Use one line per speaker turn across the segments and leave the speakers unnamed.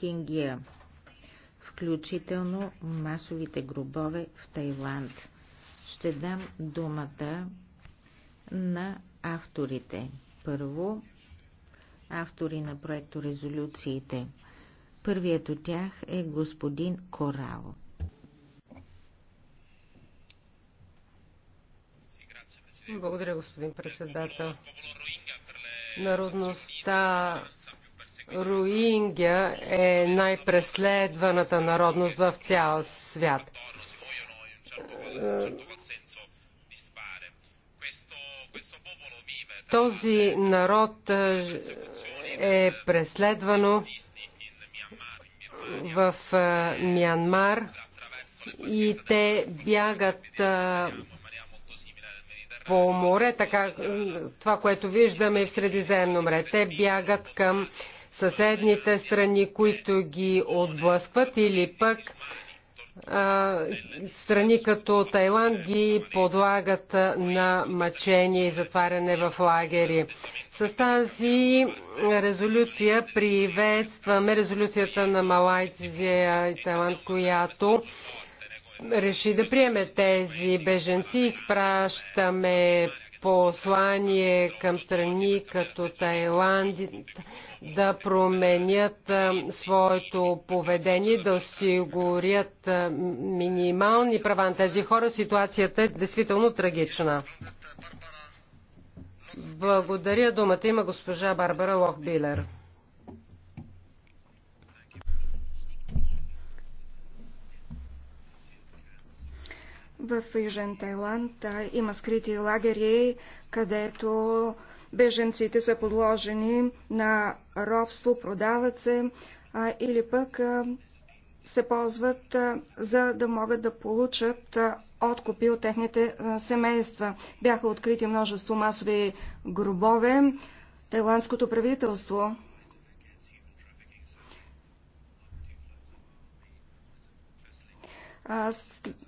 рохингия, включително масовите гробове в Тайланд. Ще дам думата на авторите. Първо, автори на проекто резолюциите. Първият от тях е господин Корао.
Благодаря, господин председател. Народността Руингя е най-преследваната народност в цял свят. Този народ е, е преследвано в е, Мянмар и те бягат е, по море, така това, което виждаме в Средиземно море. Те бягат към съседните страни, които ги отблъскват или пък страни като Тайланд ги подлагат на мъчение и затваряне в лагери. С тази резолюция приветстваме резолюцията на Малайзия и Тайланд, която реши да приеме тези беженци. Изпращаме послание към страни като Тайланд да променят своето поведение, да осигурят минимални права на тези хора. Ситуацията е действително трагична. Благодаря думата има госпожа Барбара Лохбилер.
В Южен Тайланд има скрити лагери, където беженците са подложени на робство, продават се а, или пък а, се ползват, а, за да могат да получат а, откупи от техните а, семейства. Бяха открити множество масови гробове. Тайландското правителство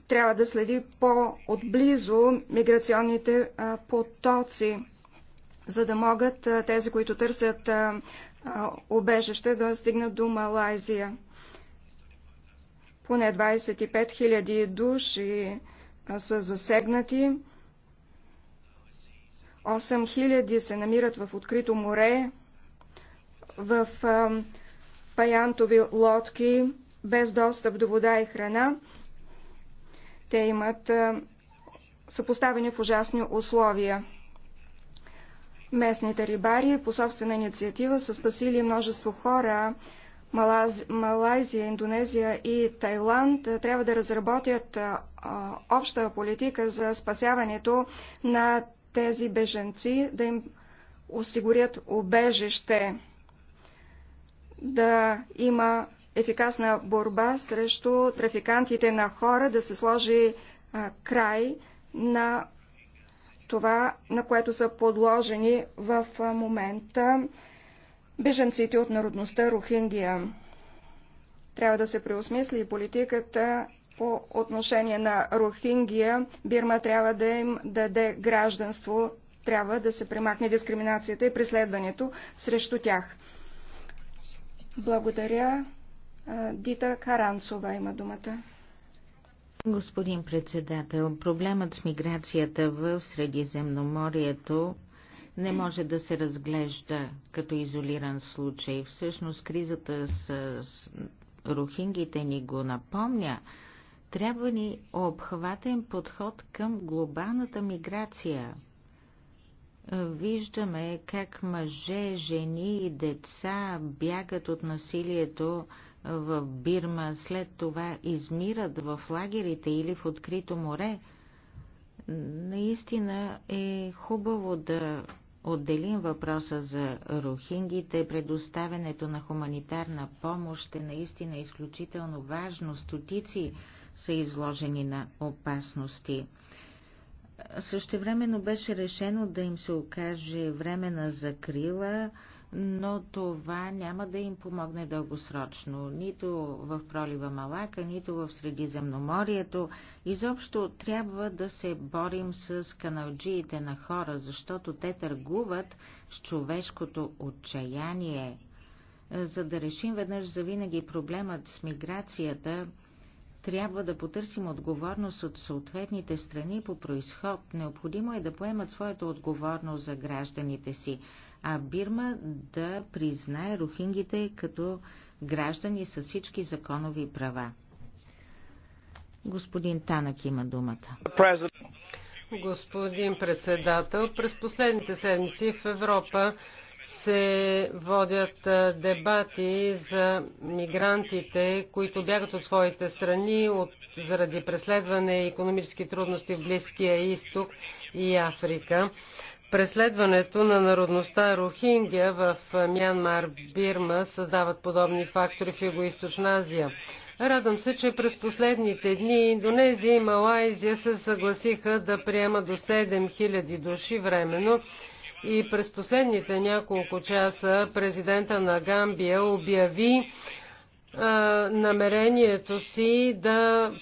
трябва да следи по-отблизо миграционните потоци, за да могат тези, които търсят обежище, да стигнат до Малайзия. Поне 25 000 души са засегнати. 8 000 се намират в открито море, в паянтови лодки, без достъп до вода и храна. Те имат, са поставени в ужасни условия. Местните рибари по собствена инициатива са спасили множество хора. Малаз... Малайзия, Индонезия и Тайланд трябва да разработят а, обща политика за спасяването на тези беженци, да им осигурят обежище, да има ефикасна борба срещу трафикантите на хора, да се сложи а, край на това, на което са подложени в момента беженците от народността Рухингия Трябва да се преосмисли и политиката по отношение на Рохингия. Бирма трябва да им даде гражданство, трябва да се премахне дискриминацията и преследването срещу тях. Благодаря. Дита Каранцова има думата.
Господин председател, проблемът с миграцията в Средиземноморието не може да се разглежда като изолиран случай. Всъщност кризата с, с рухингите ни го напомня. Трябва ни обхватен подход към глобалната миграция. Виждаме как мъже, жени и деца бягат от насилието в Бирма, след това измират в лагерите или в открито море, наистина е хубаво да отделим въпроса за рухингите. Предоставянето на хуманитарна помощ е наистина изключително важно. Стотици са изложени на опасности. Същевременно беше решено да им се окаже време на закрила, но това няма да им помогне дългосрочно, нито в пролива Малака, нито в Средиземноморието. Изобщо трябва да се борим с каналджиите на хора, защото те търгуват с човешкото отчаяние. За да решим веднъж завинаги проблемът с миграцията, трябва да потърсим отговорност от съответните страни по происход. Необходимо е да поемат своята отговорност за гражданите си, а Бирма да признае рухингите като граждани с всички законови права. Господин Танък има думата.
Господин председател, през последните седмици в Европа се водят дебати за мигрантите, които бягат от своите страни от, заради преследване и економически трудности в Близкия изток и Африка. Преследването на народността Рохингя в Мянмар, Бирма създават подобни фактори в Юго-Источна Азия. Радвам се, че през последните дни Индонезия и Малайзия се съгласиха да приемат до 7000 души временно и през последните няколко часа президента на Гамбия обяви намерението си да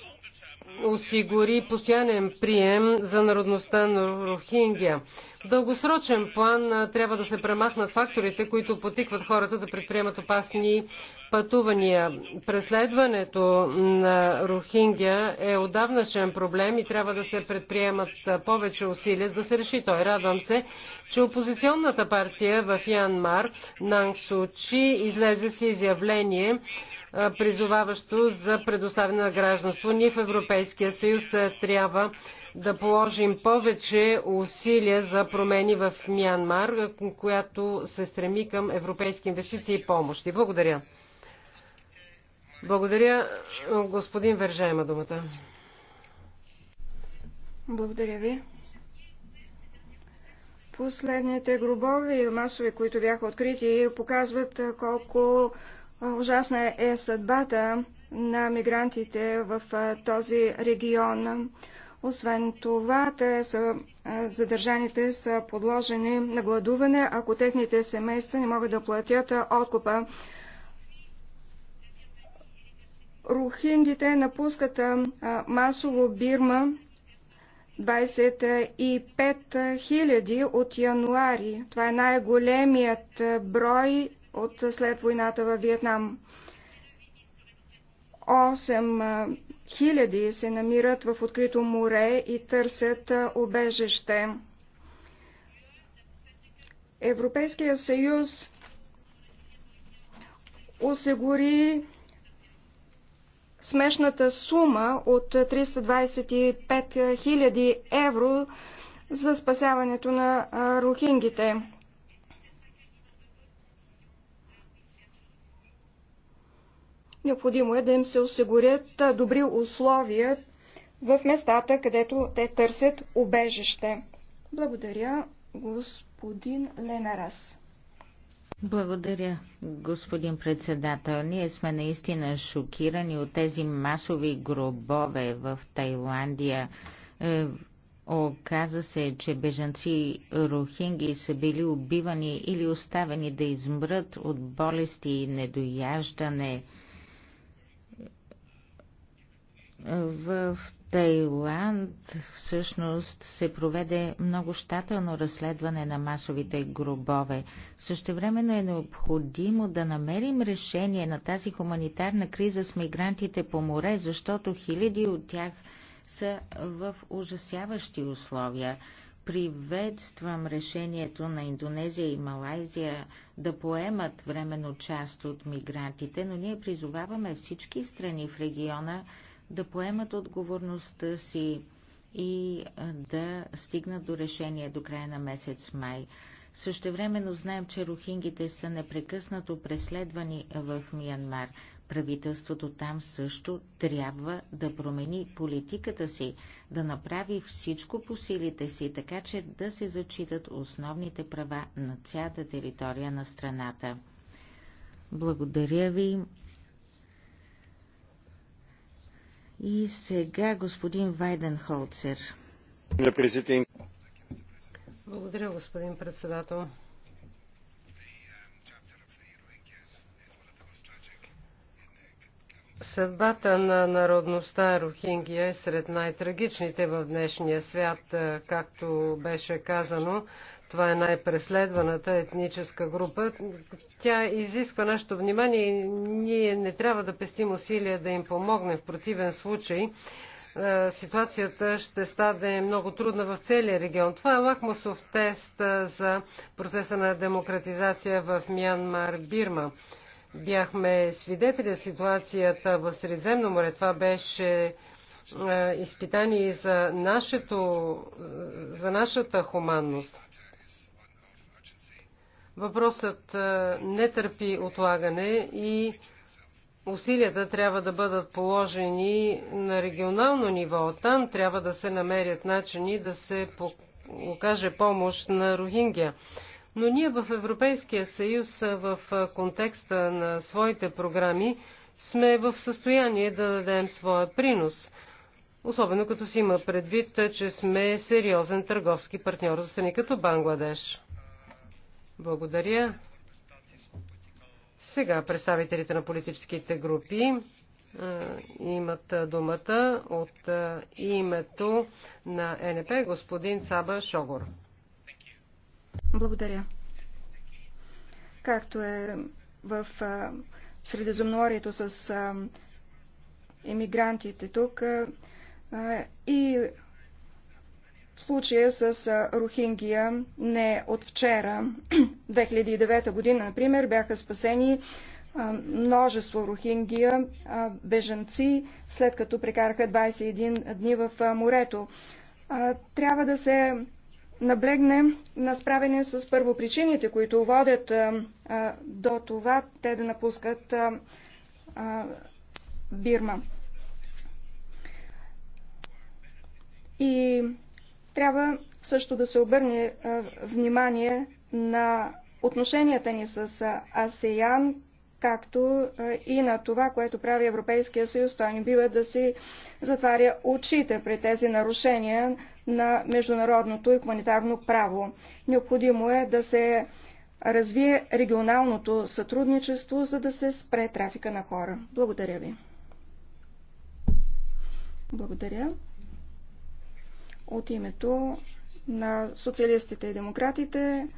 осигури постоянен прием за народността на Рохингия. В дългосрочен план трябва да се премахнат факторите, които потикват хората да предприемат опасни пътувания. Преследването на Рохингия е отдавнашен проблем и трябва да се предприемат повече усилия за да се реши той. Радвам се, че опозиционната партия в Янмар, Нанг Сучи, излезе с изявление, призоваващо за предоставяне на гражданство. Ние в Европейския съюз трябва да положим повече усилия за промени в Мянмар, която се стреми към европейски инвестиции и помощи. Благодаря. Благодаря. Господин Вержа има думата.
Благодаря ви. Последните гробови масови, които бяха открити, показват колко Ужасна е съдбата на мигрантите в този регион. Освен това, те са, задържаните са подложени на гладуване, ако техните семейства не могат да платят откупа. Рухингите напускат масово Бирма 25 000 от януари. Това е най-големият брой от след войната във Виетнам. 8 хиляди се намират в открито море и търсят обежище. Европейския съюз осигури смешната сума от 325 000 евро за спасяването на рухингите. Необходимо е да им се осигурят добри условия в местата, където те търсят убежище. Благодаря, господин Ленарас. Благодаря,
господин председател. Ние сме наистина шокирани от тези масови гробове в Тайландия. Е, оказа се, че бежанци рохинги са били убивани или оставени да измрат от болести и недояждане. В Тайланд всъщност се проведе много щателно разследване на масовите гробове. Същевременно е необходимо да намерим решение на тази хуманитарна криза с мигрантите по море, защото хиляди от тях са в ужасяващи условия. Приветствам решението на Индонезия и Малайзия да поемат временно част от мигрантите, но ние призоваваме всички страни в региона да поемат отговорността си и да стигнат до решение до края на месец май. Същевременно знаем, че рухингите са непрекъснато преследвани в Миянмар. Правителството там също трябва да промени политиката си, да направи всичко по силите си, така че да се зачитат основните права на цялата територия на страната. Благодаря ви. И сега господин Вайденхолцер.
Благодаря, господин председател. Съдбата на народността Рохингия е сред най-трагичните в днешния свят, както беше казано. Това е най-преследваната етническа група. Тя изисква нашето внимание и ние не трябва да пестим усилия да им помогне В противен случай е, ситуацията ще стане много трудна в целия регион. Това е лакмусов тест е, за процеса на демократизация в Мянмар, Бирма. Бяхме свидетели на ситуацията в Средиземно море. Това беше е, изпитание за, нашето, за нашата хуманност. Въпросът е, не търпи отлагане и усилията трябва да бъдат положени на регионално ниво. Там трябва да се намерят начини да се окаже помощ на Рохингия. Но ние в Европейския съюз е, в е, контекста на своите програми сме в състояние да дадем своя принос. Особено като си има предвид, че сме сериозен търговски партньор за страни като Бангладеш. Благодаря. Сега представителите на политическите групи имат думата от името на НП господин Цаба Шогор.
Благодаря. Както е в Средиземноорието с емигрантите тук и случая с Рохингия не от вчера. 2009 година, например, бяха спасени множество рохингия беженци след като прекараха 21 дни в морето. Трябва да се наблегне на справяне с първопричините, които водят до това те да напускат Бирма. И трябва също да се обърне внимание на отношенията ни с АСЕАН, както и на това, което прави Европейския съюз. Той не бива да си затваря очите при тези нарушения на международното и хуманитарно право. Необходимо е да се развие регионалното сътрудничество, за да се спре трафика на хора. Благодаря ви. Благодаря. От името на социалистите и демократите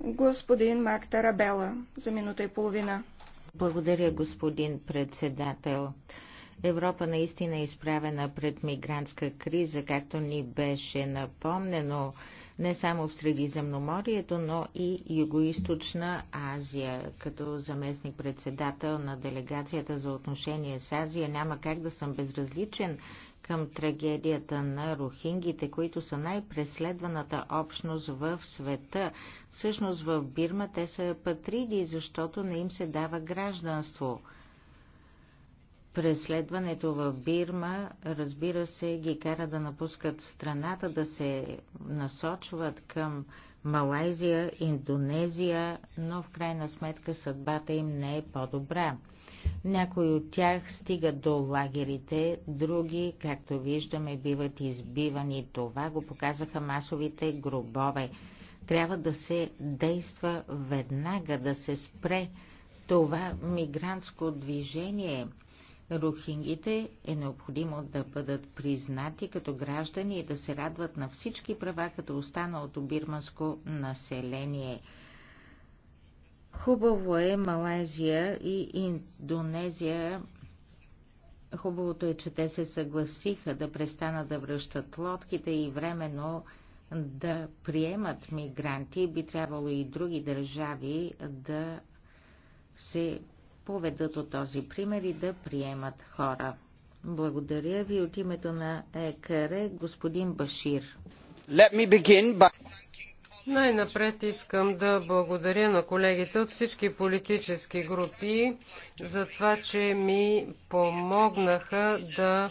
господин Марк Тарабела за минута и половина.
Благодаря, господин председател. Европа наистина е изправена пред мигрантска криза, както ни беше напомнено не само в Средиземноморието, но и Юго-Источна Азия. Като заместник председател на делегацията за отношение с Азия няма как да съм безразличен към трагедията на рухингите, които са най-преследваната общност в света. Всъщност в Бирма те са патриди, защото не им се дава гражданство – Преследването в Бирма, разбира се, ги кара да напускат страната, да се насочват към Малайзия, Индонезия, но в крайна сметка съдбата им не е по-добра. Някои от тях стигат до лагерите, други, както виждаме, биват избивани. Това го показаха масовите гробове. Трябва да се действа веднага, да се спре това мигрантско движение – Рухингите е необходимо да бъдат признати като граждани и да се радват на всички права, като останалото бирманско население. Хубаво е Малайзия и Индонезия. Хубавото е, че те се съгласиха да престанат да връщат лодките и временно да приемат мигранти. Би трябвало и други държави да се поведат от този пример и да приемат хора. Благодаря ви от името на ЕКР, господин Башир. By...
Най-напред искам да благодаря на колегите от всички политически групи за това, че ми помогнаха да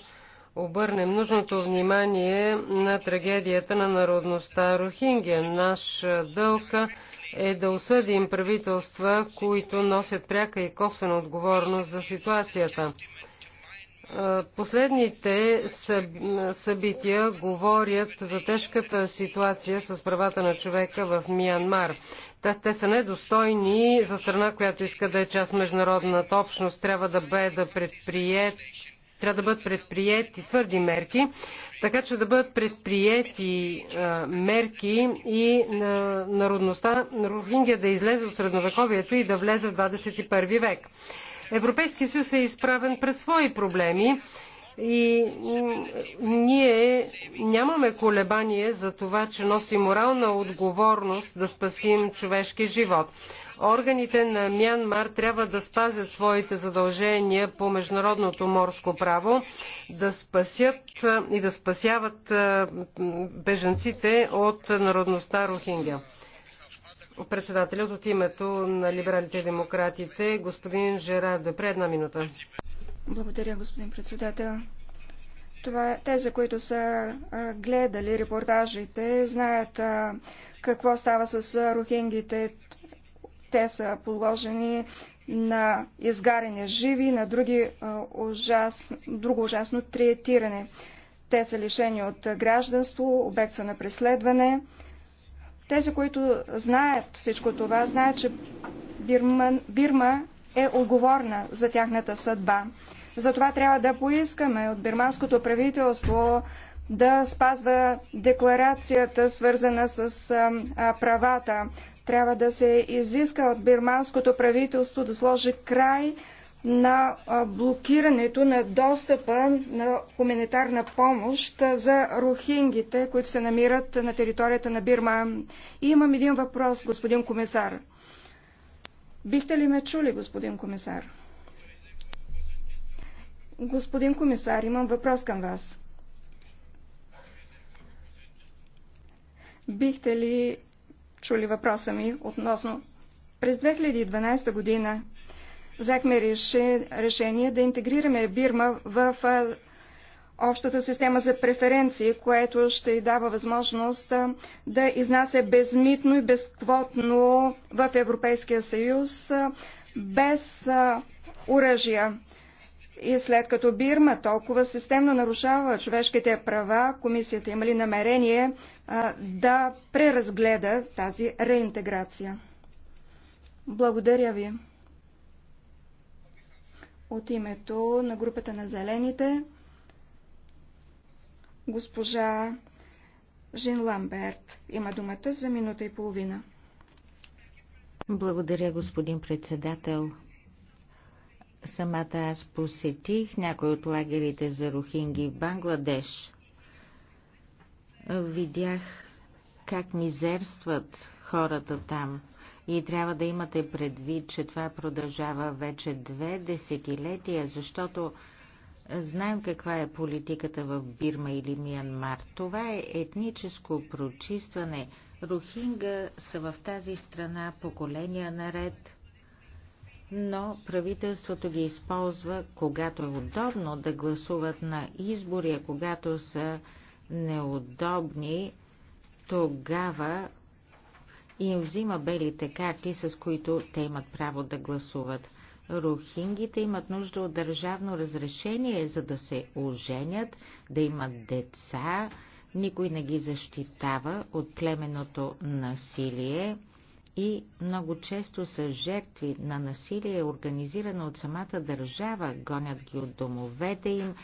обърнем нужното внимание на трагедията на народността Рохингия. Наш дълг е да осъдим правителства, които носят пряка и косвена отговорност за ситуацията. Последните събития говорят за тежката ситуация с правата на човека в Миянмар. Те са недостойни за страна, която иска да е част международната общност. Трябва да бъде да предприят трябва да бъдат предприяти твърди мерки, така че да бъдат предприяти мерки и народността на Рохингия да излезе от средновековието и да влезе в 21 век. Европейския съюз е изправен пред свои проблеми и ние нямаме колебание за това, че носи морална отговорност да спасим човешки живот. Органите на Мянмар трябва да спазят своите задължения по международното морско право, да спасят и да спасяват беженците от народността Рохингя. Председателят от името на либералите и демократите, господин Жерар Депре, една минута.
Благодаря, господин председател. Това, тези, които са гледали репортажите, знаят какво става с рухингите. Те са подложени на изгаряне живи, на други, ужас, друго ужасно триетиране. Те са лишени от гражданство, обект са на преследване. Тези, които знаят всичко това, знаят, че Бирма, Бирма е отговорна за тяхната съдба. Затова трябва да поискаме от бирманското правителство да спазва декларацията, свързана с правата трябва да се изиска от бирманското правителство да сложи край на блокирането на достъпа на хуманитарна помощ за рухингите, които се намират на територията на Бирма. И имам един въпрос, господин комисар. Бихте ли ме чули, господин комисар? Господин комисар, имам въпрос към вас. Бихте ли чули въпроса ми относно. През 2012 година взехме решение да интегрираме Бирма в общата система за преференции, което ще й дава възможност да изнася безмитно и безквотно в Европейския съюз без оръжия. И след като Бирма толкова системно нарушава човешките права, комисията има ли намерение а, да преразгледа тази реинтеграция? Благодаря ви. От името на групата на зелените, госпожа Жин Ламберт има думата за минута и половина.
Благодаря, господин председател. Самата аз посетих някой от лагерите за рухинги в Бангладеш. Видях как мизерстват хората там. И трябва да имате предвид, че това продължава вече две десетилетия, защото знаем каква е политиката в Бирма или Миянмар. Това е етническо прочистване. Рухинга са в тази страна поколения наред но правителството ги използва, когато е удобно да гласуват на избори, а когато са неудобни, тогава им взима белите карти, с които те имат право да гласуват. Рухингите имат нужда от държавно разрешение, за да се оженят, да имат деца. Никой не ги защитава от племеното насилие и много често са жертви на насилие, организирано от самата държава, гонят ги от домовете им,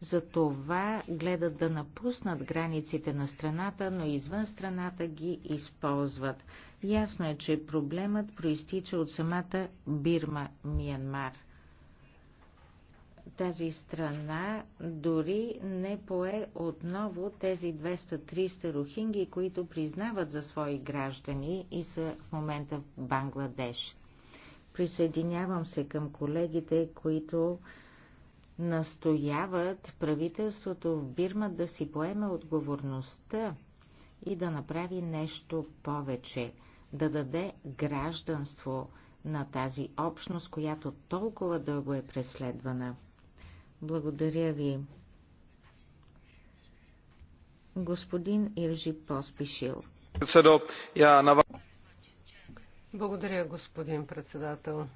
за това гледат да напуснат границите на страната, но извън страната ги използват. Ясно е, че проблемът проистича от самата Бирма, Миянмар – тази страна дори не пое отново тези 200-300 рухинги, които признават за свои граждани и са в момента в Бангладеш. Присъединявам се към колегите, които настояват правителството в Бирма да си поеме отговорността и да направи нещо повече, да даде гражданство на тази общност, която толкова дълго е преследвана. Благодаря ви. Господин Иржи Поспишил.
Благодаря, господин председател.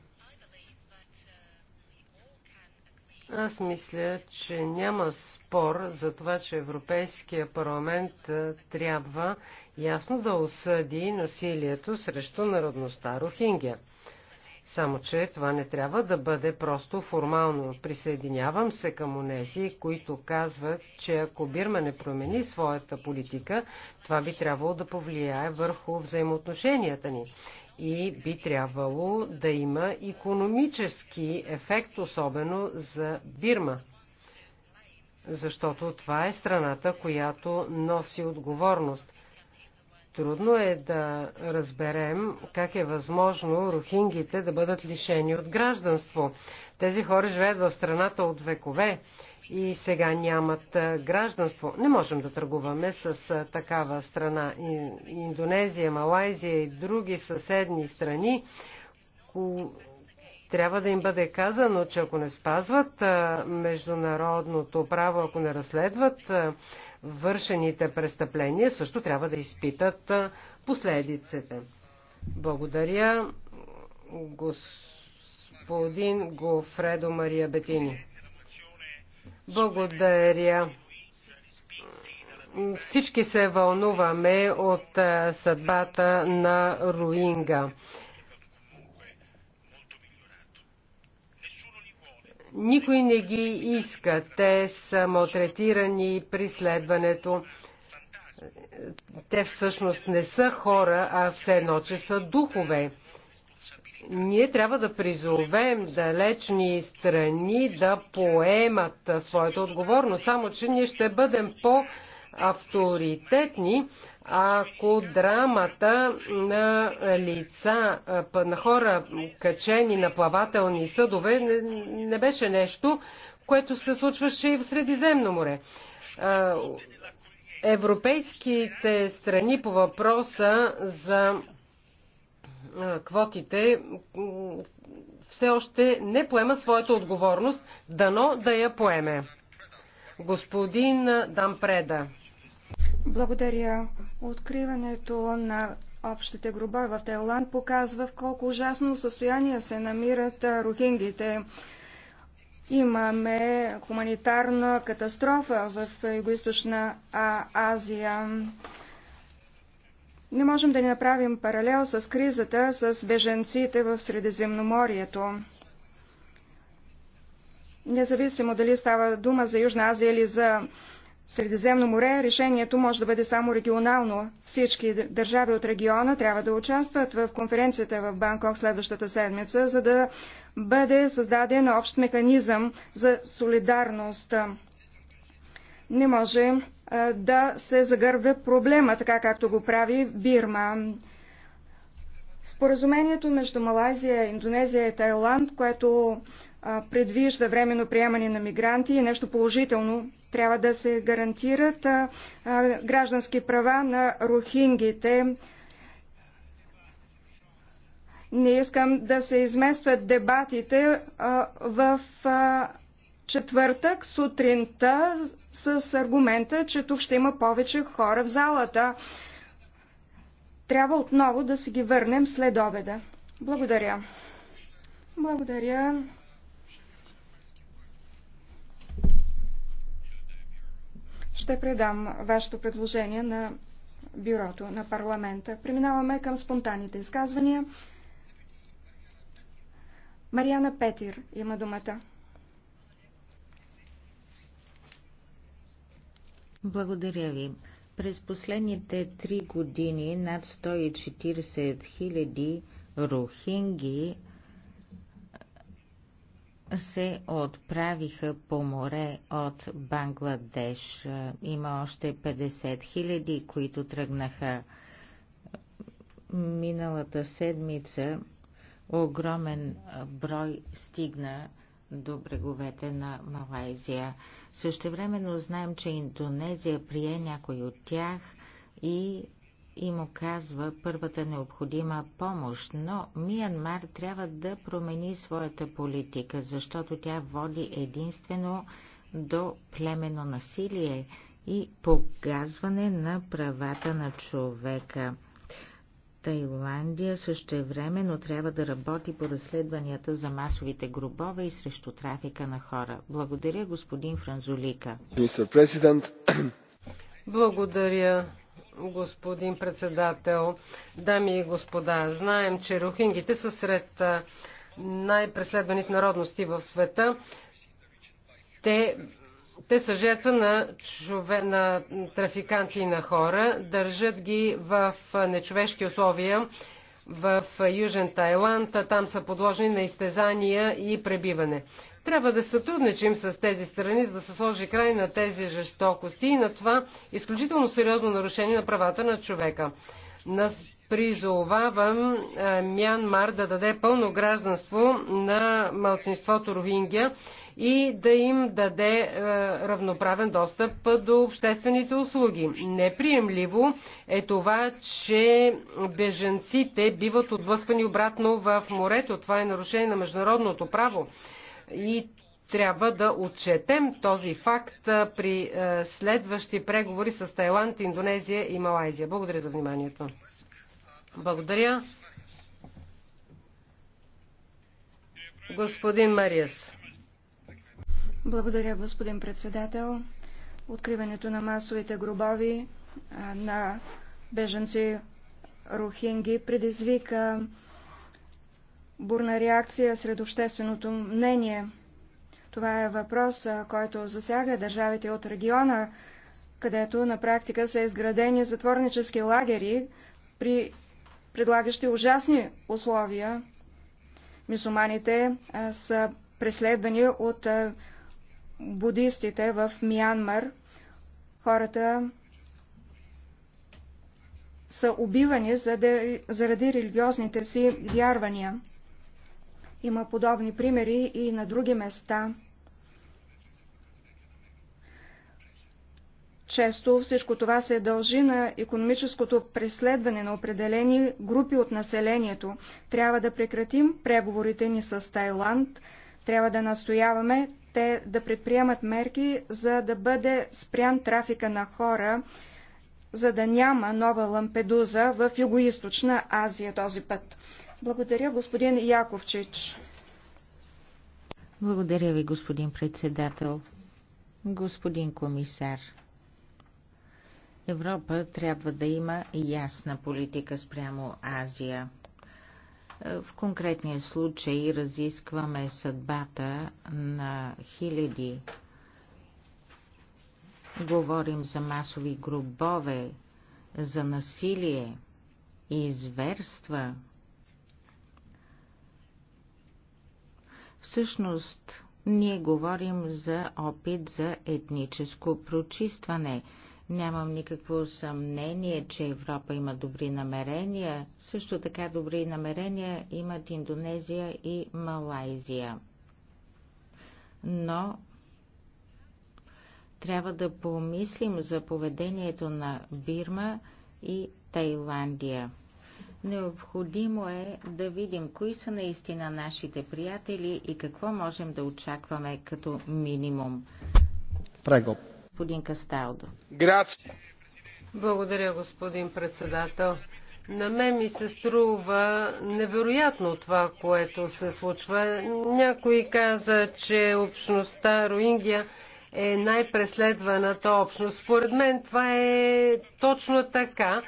Аз мисля, че няма спор за това, че Европейския парламент трябва ясно да осъди насилието срещу народността Рохингя. Само, че това не трябва да бъде просто формално. Присъединявам се към онези, които казват, че ако Бирма не промени своята политика, това би трябвало да повлияе върху взаимоотношенията ни. И би трябвало да има економически ефект, особено за Бирма. Защото това е страната, която носи отговорност. Трудно е да разберем как е възможно рухингите да бъдат лишени от гражданство. Тези хора живеят в страната от векове и сега нямат гражданство. Не можем да търгуваме с такава страна. Индонезия, Малайзия и други съседни страни трябва да им бъде казано, че ако не спазват международното право, ако не разследват вършените престъпления, също трябва да изпитат последиците. Благодаря господин Гофредо Мария Бетини. Благодаря. Всички се вълнуваме от съдбата на Руинга. Никой не ги иска. Те са малтретирани преследването. Те всъщност не са хора, а все едно, че са духове. Ние трябва да призовем далечни страни да поемат своята отговорност, само че ние ще бъдем по- авторитетни, ако драмата на лица, на хора качени на плавателни съдове не, не беше нещо, което се случваше и в Средиземно море. Европейските страни по въпроса за квотите все още не поема своята отговорност, дано да я поеме. Господин Дампреда.
Благодаря. Откриването на общите гроба в Тайланд показва в колко ужасно състояние се намират рухингите. Имаме хуманитарна катастрофа в Юго-Источна Азия. Не можем да не направим паралел с кризата с беженците в Средиземноморието. Независимо дали става дума за Южна Азия или за Средиземно море, решението може да бъде само регионално. Всички държави от региона трябва да участват в конференцията в Банкок следващата седмица, за да бъде създаден общ механизъм за солидарност. Не може да се загърбе проблема, така както го прави Бирма. Споразумението между Малайзия, Индонезия и Тайланд, което предвижда временно приемане на мигранти и нещо положително. Трябва да се гарантират граждански права на рухингите. Не искам да се изместват дебатите в четвъртък сутринта с аргумента, че тук ще има повече хора в залата. Трябва отново да си ги върнем след обеда. Благодаря. Благодаря. ще предам вашето предложение на бюрото на парламента. Преминаваме към спонтанните изказвания. Мариана Петир има думата.
Благодаря ви. През последните три години над 140 000 рухинги се отправиха по море от Бангладеш. Е, има още 50 хиляди, които тръгнаха. Миналата седмица огромен е, брой стигна до бреговете на Малайзия. Същевременно знаем, че Индонезия прие някой от тях и и му казва първата необходима помощ, но Миянмар трябва да промени своята политика, защото тя води единствено до племено насилие и погазване на правата на човека. Тайландия също време, но трябва да работи по разследванията за масовите гробове и срещу трафика на хора. Благодаря, господин Франзолика.
Благодаря, господин председател. Дами и господа, знаем, че рухингите са сред най-преследваните народности в света. Те, те са жертва на, чове, на трафиканти и на хора. Държат ги в нечовешки условия в Южен Тайланд. Там са подложени на изтезания и пребиване. Трябва да сътрудничим с тези страни, за да се сложи край на тези жестокости и на това изключително сериозно нарушение на правата на човека. Нас призовавам е, Мянмар да даде пълно гражданство на малцинството Рохингя и да им даде е, равноправен достъп до обществените услуги. Неприемливо е това, че беженците биват отблъсквани обратно в морето. Това е нарушение на международното право и трябва да отчетем този факт при следващи преговори с Тайланд, Индонезия и Малайзия. Благодаря за вниманието. Благодаря. Господин Мариес.
Благодаря, господин председател. Откриването на масовите гробови на беженци рухинги, предизвика бурна реакция сред общественото мнение. Това е въпрос, който засяга държавите от региона, където на практика са изградени затворнически лагери, при предлагащи ужасни условия. Мисуманите са преследвани от будистите в Мянмар. Хората са убивани заради религиозните си вярвания. Има подобни примери и на други места. Често всичко това се дължи на економическото преследване на определени групи от населението. Трябва да прекратим преговорите ни с Тайланд, трябва да настояваме те да предприемат мерки, за да бъде спрян трафика на хора, за да няма нова Лампедуза в Юго-Источна Азия този път. Благодаря, господин Яковчич.
Благодаря ви, господин председател. Господин комисар, Европа трябва да има ясна политика спрямо Азия. В конкретния случай разискваме съдбата на хиляди. Говорим за масови гробове, за насилие и зверства, Всъщност, ние говорим за опит за етническо прочистване. Нямам никакво съмнение, че Европа има добри намерения. Също така добри намерения имат Индонезия и Малайзия. Но трябва да помислим за поведението на Бирма и Тайландия. Необходимо е да видим кои са наистина нашите приятели и какво можем да очакваме като минимум. Прего. Господин Касталдо. Грация.
Благодаря, господин председател. На мен ми се струва невероятно това, което се случва. Някой каза, че общността Руингия е най-преследваната общност. Според мен това е точно така.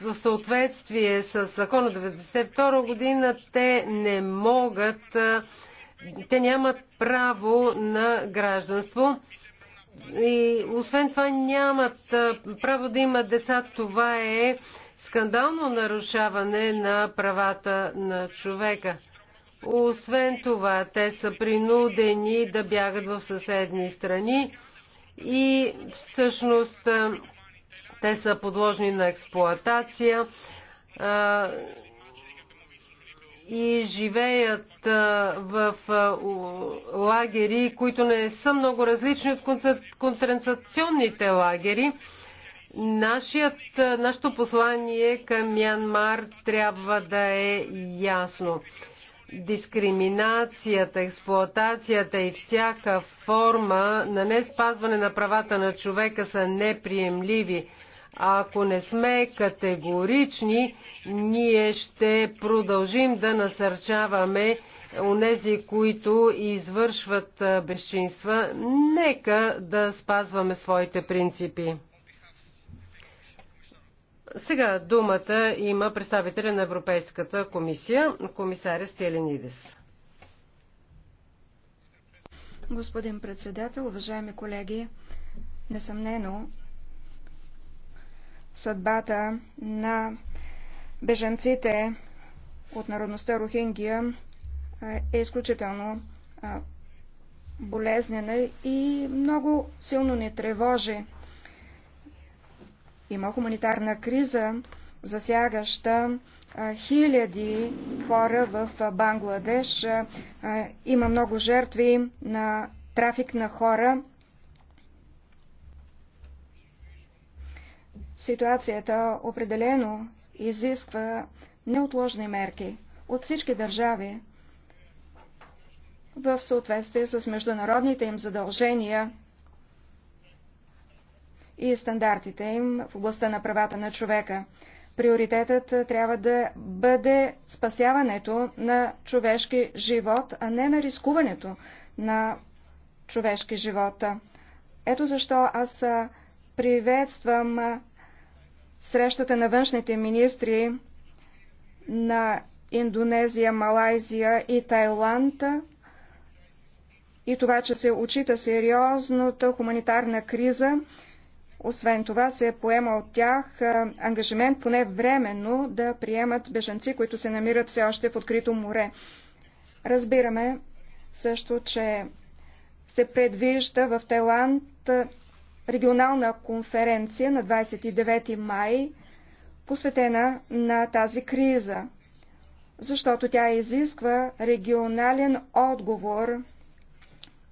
В съответствие с закона 92 година те не могат, те нямат право на гражданство. И освен това нямат право да имат деца. Това е скандално нарушаване на правата на човека. Освен това, те са принудени да бягат в съседни страни и всъщност те са подложени на експлоатация и живеят в лагери, които не са много различни от концентрационните лагери. Нашият, нашето послание към Мянмар трябва да е ясно дискриминацията, експлоатацията и всяка форма на не спазване на правата на човека са неприемливи. А ако не сме категорични, ние ще продължим да насърчаваме онези, които извършват безчинства. Нека да спазваме своите принципи. Сега думата има представителя на Европейската комисия, комисаря Стеленидис.
Господин председател, уважаеми колеги, несъмнено съдбата на беженците от народността Рохингия е изключително болезнена и много силно ни тревожи. Има хуманитарна криза, засягаща хиляди хора в Бангладеш. Има много жертви на трафик на хора. Ситуацията определено изисква неотложни мерки от всички държави в съответствие с международните им задължения и стандартите им в областта на правата на човека. Приоритетът трябва да бъде спасяването на човешки живот, а не на рискуването на човешки живот. Ето защо аз приветствам срещата на външните министри на Индонезия, Малайзия и Тайланд и това, че се очита сериозната хуманитарна криза освен това се е поема от тях ангажимент поне временно да приемат бежанци, които се намират все още в открито море. Разбираме също, че се предвижда в Тайланд регионална конференция на 29 май, посветена на тази криза, защото тя изисква регионален отговор,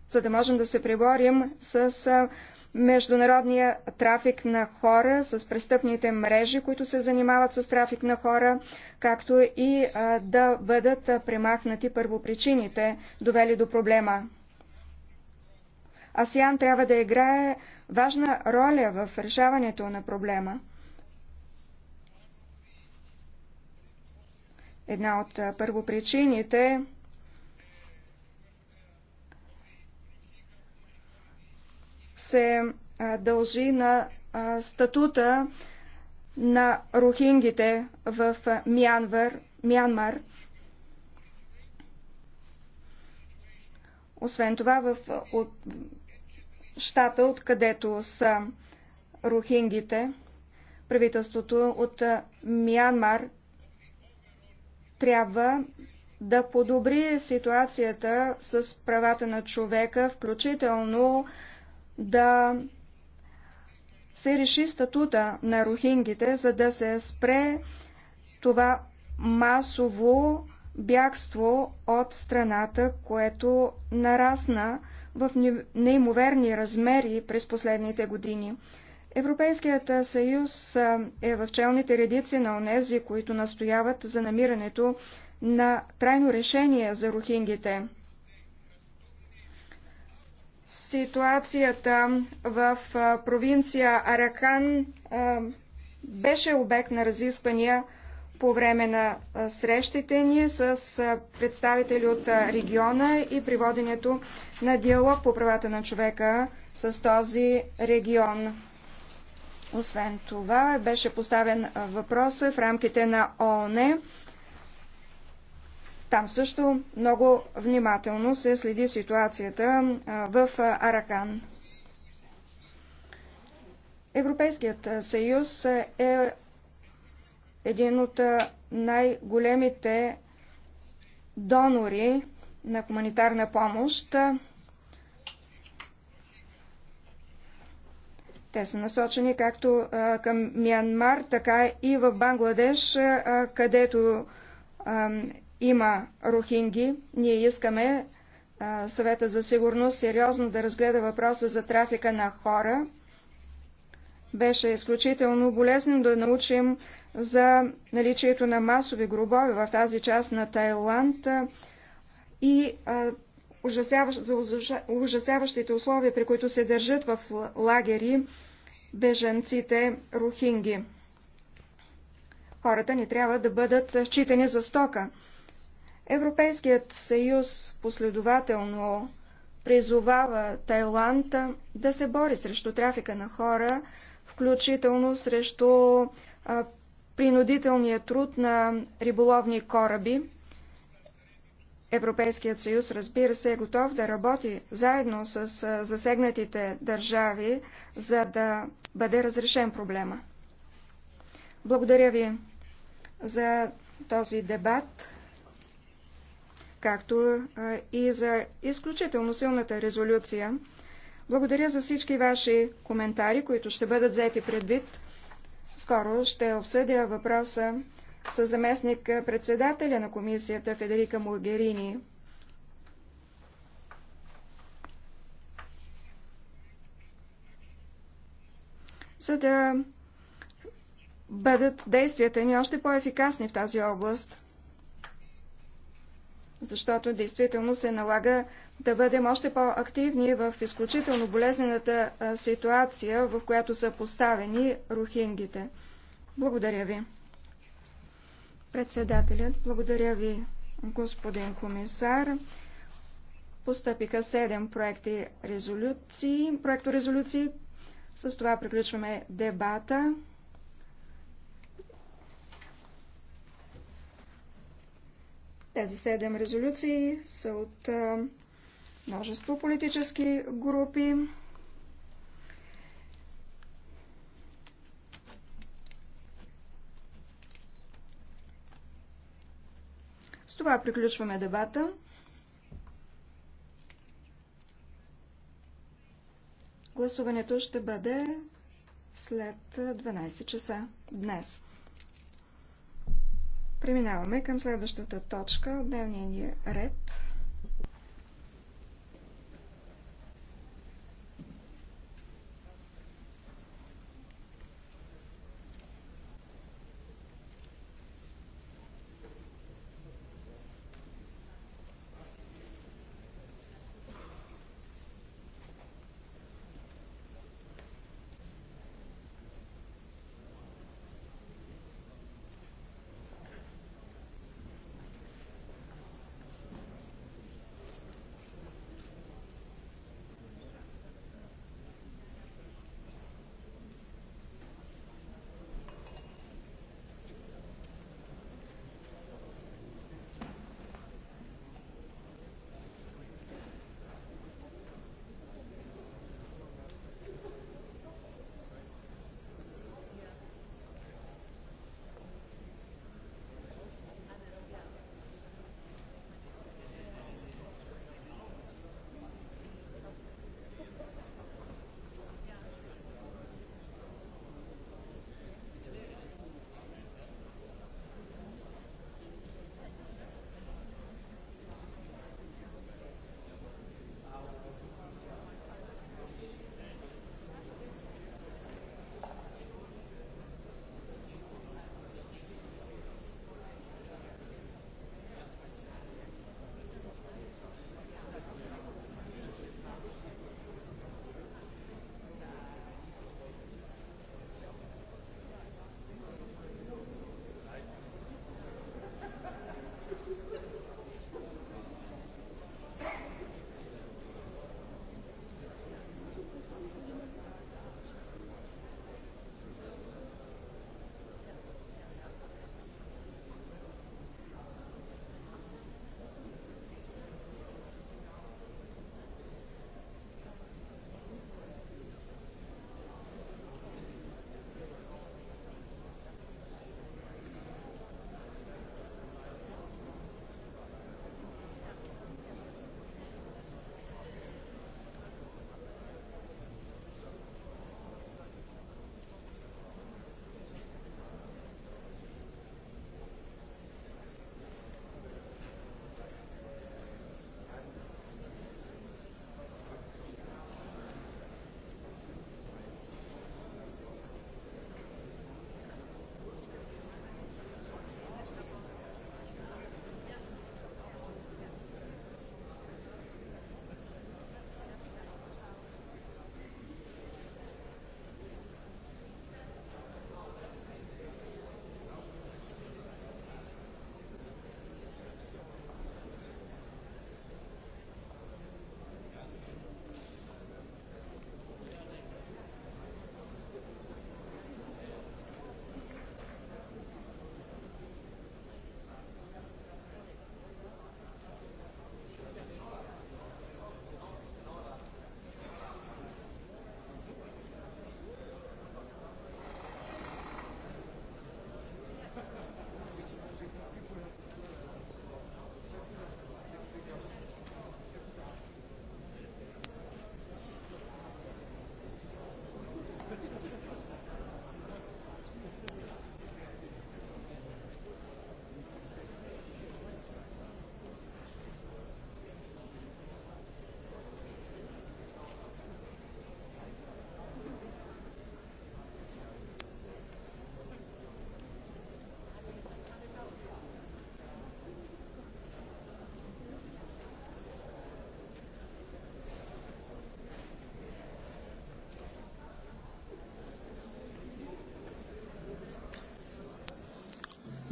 за да можем да се преборим с международния трафик на хора, с престъпните мрежи, които се занимават с трафик на хора, както и да бъдат премахнати първопричините, довели до проблема. АСИАН трябва да играе важна роля в решаването на проблема. Една от първопричините се дължи на статута на рухингите в Мянвър, Мянмар. Освен това, в от, щата, откъдето са рухингите, правителството от Мянмар трябва да подобри ситуацията с правата на човека, включително да се реши статута на рухингите, за да се спре това масово бягство от страната, което нарасна в неимоверни размери през последните години. Европейският съюз е в челните редици на онези, които настояват за намирането на трайно решение за рухингите. Ситуацията в провинция Аракан беше обект на разисквания по време на срещите ни с представители от региона и приводенето на диалог по правата на човека с този регион. Освен това беше поставен въпрос в рамките на ООН там също много внимателно се следи ситуацията в Аракан. Европейският съюз е един от най-големите донори на хуманитарна помощ. Те са насочени както към Миянмар, така и в Бангладеш, където има рухинги. ние искаме а, съвета за сигурност сериозно да разгледа въпроса за трафика на хора. Беше изключително болезнен да научим за наличието на масови гробове в тази част на Тайланд и а, ужасяващ, за ужасяващите условия, при които се държат в лагери беженците рухинги. Хората ни трябва да бъдат читани за стока. Европейският съюз последователно призовава Тайланд да се бори срещу трафика на хора, включително срещу а, принудителния труд на риболовни кораби. Европейският съюз, разбира се, е готов да работи заедно с засегнатите държави, за да бъде разрешен проблема. Благодаря ви за този дебат както и за изключително силната резолюция. Благодаря за всички ваши коментари, които ще бъдат взети предвид. Скоро ще обсъдя въпроса с заместник председателя на комисията Федерика Мургерини. За да бъдат действията ни още по-ефикасни в тази област – защото действително се налага да бъдем още по-активни в изключително болезнената ситуация, в която са поставени рухингите. Благодаря ви. Председателят, благодаря ви, господин комисар. Постъпиха 7 проекти резолюции, резолюции. С това приключваме дебата. Тези седем резолюции са от множество политически групи. С това приключваме дебата. Гласуването ще бъде след 12 часа днес. Преминаваме към следващата точка от дневния ни ред.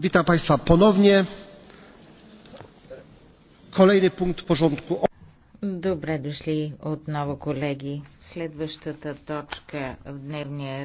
witam państwa ponownie.
kolejny punkt w porządku Добре дошли отново, колеги. Следващата точка в дневния